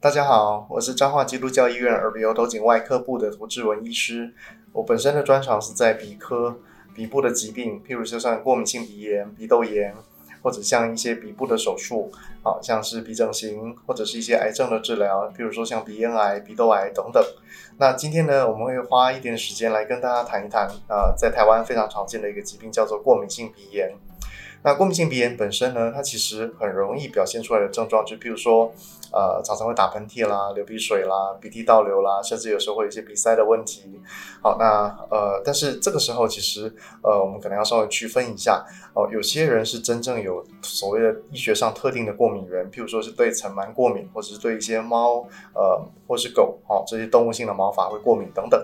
大家好，我是彰化基督教醫院耳鼻喉頭頸外科部的凃智文醫師。我本身的專長是在鼻科，鼻部的疾病，譬如就像過敏性鼻炎、鼻竇炎，或者像一些鼻部的手術，好、啊、像是鼻整形，或者是一些癌症的治療，譬如說像鼻咽癌、鼻竇癌等等。那今天呢，我們會花一點時間來跟大家談一談，呃，在台灣非常常見的一個疾病叫做過敏性鼻炎。那過敏性鼻炎本身呢，它其實很容易表現出來的症狀，就譬如說，呃，常常會打噴嚏啦、流鼻水啦、鼻涕倒流啦，甚至有時候會有一些鼻塞的問題。好，那呃，但是這個時候其實，呃，我們可能要稍微區分一下哦、呃。有些人是真正有所謂的醫學上特定的過敏源，譬如說是對塵蟎過敏，或者是對一些貓，呃，或是狗，哈、哦，這些動物性的毛髮會過敏等等。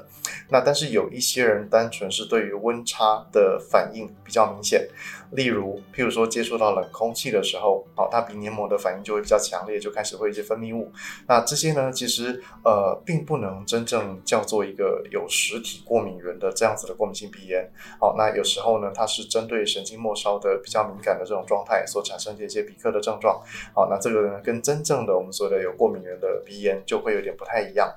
那但是有一些人單純是對於溫差的反應比較明顯。例如，譬如說接觸到冷空氣的時候，好、哦，它鼻黏膜的反應就會比較強烈，就開始會有一些分泌物。那這些呢，其實呃，並不能真正叫做一個有實體過敏源的這樣子的過敏性鼻炎。好、哦，那有時候呢，它是針對神經末梢的比較敏感的這種狀態所產生的一些鼻科的症狀。好、哦，那這個呢，跟真正的我們說的有過敏源的鼻炎就會有點不太一樣。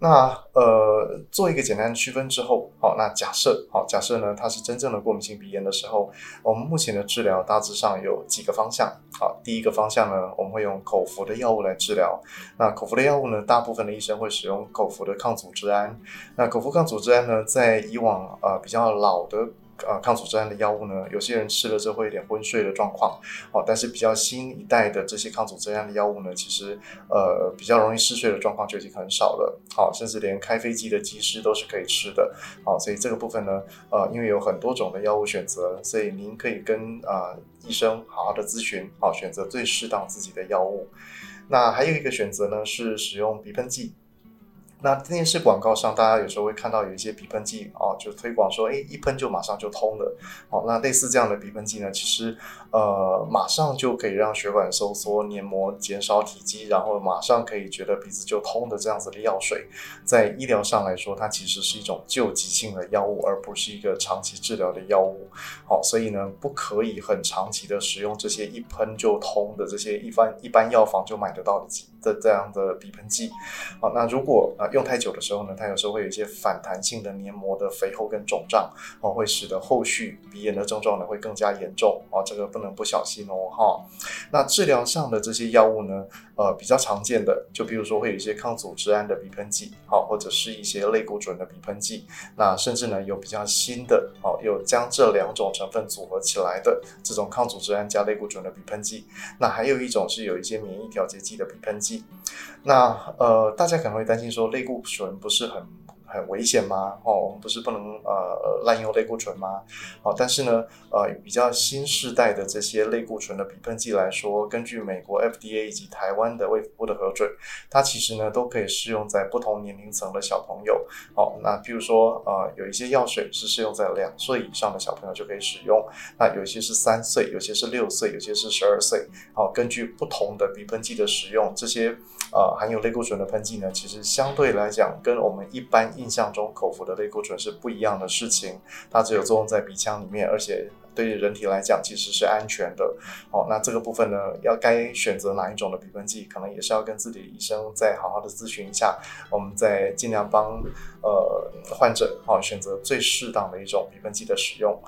那呃，做一個簡單的區分之後，好，那假設好，假設呢，它是真正的過敏性鼻炎的時候，我們目前的治療大致上有幾個方向。好，第一個方向呢，我們會用口服的藥物來治療。那口服的藥物呢，大部分的醫生會使用口服的抗組織胺。那口服抗組織胺呢，在以往呃比較老的。呃，抗組胺的藥物呢，有些人吃了之後會有點昏睡的狀況，哦，但是比較新一代的這些抗組胺的藥物呢，其實呃比較容易嗜睡的狀況就已經很少了，好，甚至連開飛機的機師都是可以吃的，好，所以這個部分呢，呃，因為有很多種的藥物選擇，所以您可以跟呃醫生好好的諮詢，好，選擇最適當自己的藥物。那還有一個選擇呢，是使用鼻噴劑。那電視廣告上，大家有時候會看到有一些鼻噴劑哦、啊，就推廣說，哎，一噴就馬上就通了。好，那類似這樣的鼻噴劑呢，其實呃，馬上就可以讓血管收縮、黏膜減少體積，然後馬上可以覺得鼻子就通的這樣子的藥水，在醫療上來說，它其實是一種救急性的藥物，而不是一個長期治療的藥物。好，所以呢，不可以很長期的使用這些一噴就通的這些一般一般藥房就買得到的這這樣的鼻噴劑。好，那如果啊。呃用太久的時候呢，它有時候會有一些反彈性的黏膜的肥厚跟腫脹，哦，會使得後續鼻炎的症狀呢會更加嚴重，哦，這個不能不小心哦，哈、哦。那治療上的這些藥物呢，呃，比較常見的，就比如說會有一些抗組織胺的鼻噴劑，好、哦，或者是一些類固醇的鼻噴劑。那甚至呢，有比較新的，好、哦，有將這兩種成分組合起來的這種抗組織胺加類固醇的鼻噴劑。那還有一種是有一些免疫調節劑的鼻噴劑。那呃，大家可能會擔心說，類固醇不是很，很危險嗎？哦，我們不是不能呃濫用類固醇嗎？哦，但是呢，呃，比較新世代的這些類固醇的鼻噴劑來說，根據美國 FDA 以及台灣的衛福部的核准，它其實呢都可以適用在不同年齡層的小朋友。好、哦，那譬如說，呃，有一些藥水是適用在兩歲以上的小朋友就可以使用，那有些是三歲，有些是六歲，有些是十二歲。好、哦，根據不同的鼻噴劑的使用，這些呃含有類固醇的噴劑呢，其實相對來講，跟我們一般一印象中口服的類固醇是不一樣的事情，它只有作用在鼻腔裡面，而且對於人體來講其實是安全的。好，那這個部分呢，要該選擇哪一種的鼻噴劑，可能也是要跟自己的醫生再好好的諮詢一下，我們再盡量幫呃患者好選擇最適當的一種鼻噴劑的使用。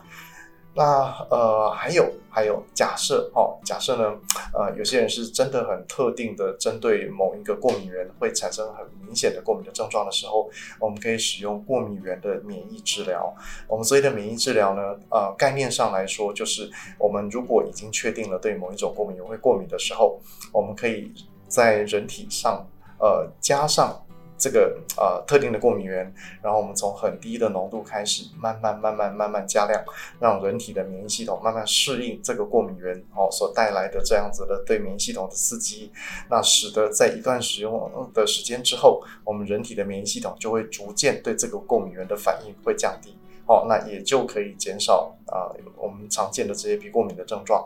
那呃還有還有假設哦，假設呢，呃有些人是真的很特定的針對某一個過敏源會產生很明顯的過敏的症狀的時候，我們可以使用過敏源的免疫治療。我們所謂的免疫治療呢，呃概念上來說，就是我們如果已經確定了對某一種過敏源會過敏的時候，我們可以在人體上呃加上。這個呃特定的過敏源，然後我們從很低的濃度開始，慢慢慢慢慢慢加量，讓人體的免疫系統慢慢適應這個過敏源哦，所帶來的這樣子的對免疫系統的刺激，那使得在一段使用的時間之後，我們人體的免疫系統就會逐漸對這個過敏源的反應會降低。哦，那也就可以減少啊、呃、我們常見的這些鼻過敏的症狀。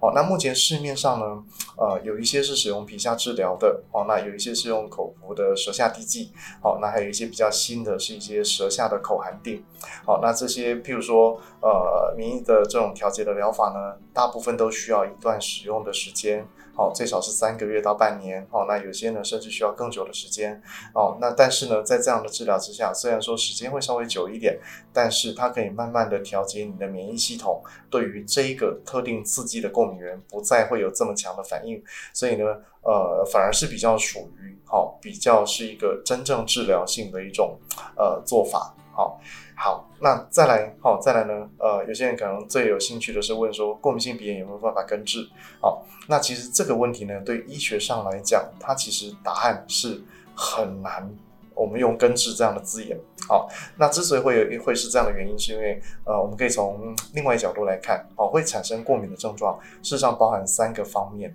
哦，那目前市面上呢，呃，有一些是使用皮下治療的，哦，那有一些是用口服的舌下滴劑，哦，那還有一些比較新的是一些舌下的口含錠。哦，那這些譬如說，呃，免疫的這種調節的療法呢，大部分都需要一段使用的時間。好，最少是三個月到半年。哦，那有些呢，甚至需要更久的時間。哦，那但是呢，在這樣的治療之下，雖然說時間會稍微久一點，但是它可以慢慢的調節你的免疫系統，對於這一個特定刺激的過敏原，不再會有這麼強的反應。所以呢，呃，反而是比較屬於好、哦，比較是一個真正治療性的一種呃做法。好，好，那再來，好、哦，再來呢？呃，有些人可能最有興趣的是問說，過敏性鼻炎有沒有辦法根治？好、哦，那其實這個問題呢，對醫學上來講，它其實答案是很難。我們用根治這樣的字眼，好、哦，那之所以會有會是這樣的原因，是因為呃，我們可以從另外一角度來看，好、哦，會產生過敏的症狀，事實上包含三個方面。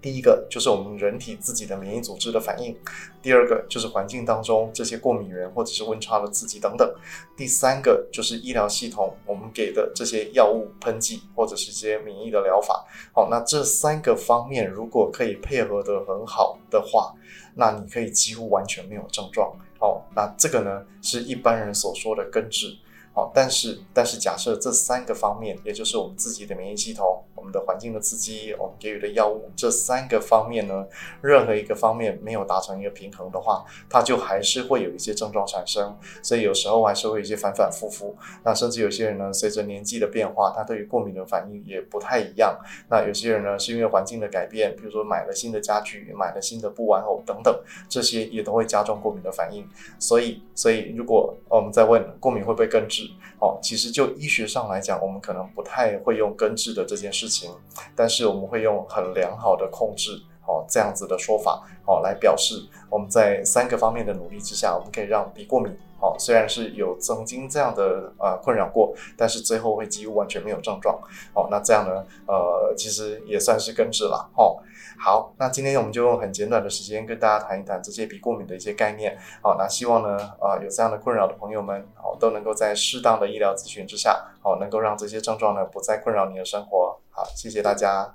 第一個就是我們人體自己的免疫組織的反應，第二個就是環境當中這些過敏原或者是溫差的刺激等等。第三個就是醫療系統我們給的這些藥物噴劑或者是這些免疫的療法。好，那這三個方面如果可以配合得很好的話，那你可以幾乎完全沒有症狀。好，那這個呢是一般人所說的根治。好，但是但是假設這三個方面也就是我們自己的免疫系統。我們的環境的刺激，我們給予的藥物這三個方面呢，任何一個方面沒有達成一個平衡的話，它就還是會有一些症狀產生。所以有時候還是會有一些反反复复。那甚至有些人呢，隨着年紀的變化，他對於過敏的反應也不太一樣。那有些人呢，是因為環境的改變，比如說買了新的家具，買了新的布玩偶等等，這些也都會加重過敏的反應。所以，所以如果，哦，我們再問過敏會不會根治，哦，其實就醫學上來講，我們可能不太會用根治的這件事情。行，但是我們會用很良好的控制哦，這樣子的說法哦，來表示，我們在三個方面的努力之下，我們可以讓鼻過敏哦雖然是有曾經這樣的呃困擾過，但是最後會幾乎完全沒有症狀哦。那這樣呢呃，其實也算是根治了哦。好，那今天我們就用很簡短的時間跟大家談一談這些鼻過敏的一些概念哦，那希望呢呃有這樣的困擾的朋友們哦，都能夠在適當的醫療諮詢之下哦，能夠讓這些症狀呢不再困擾你的生活。好，謝謝大家。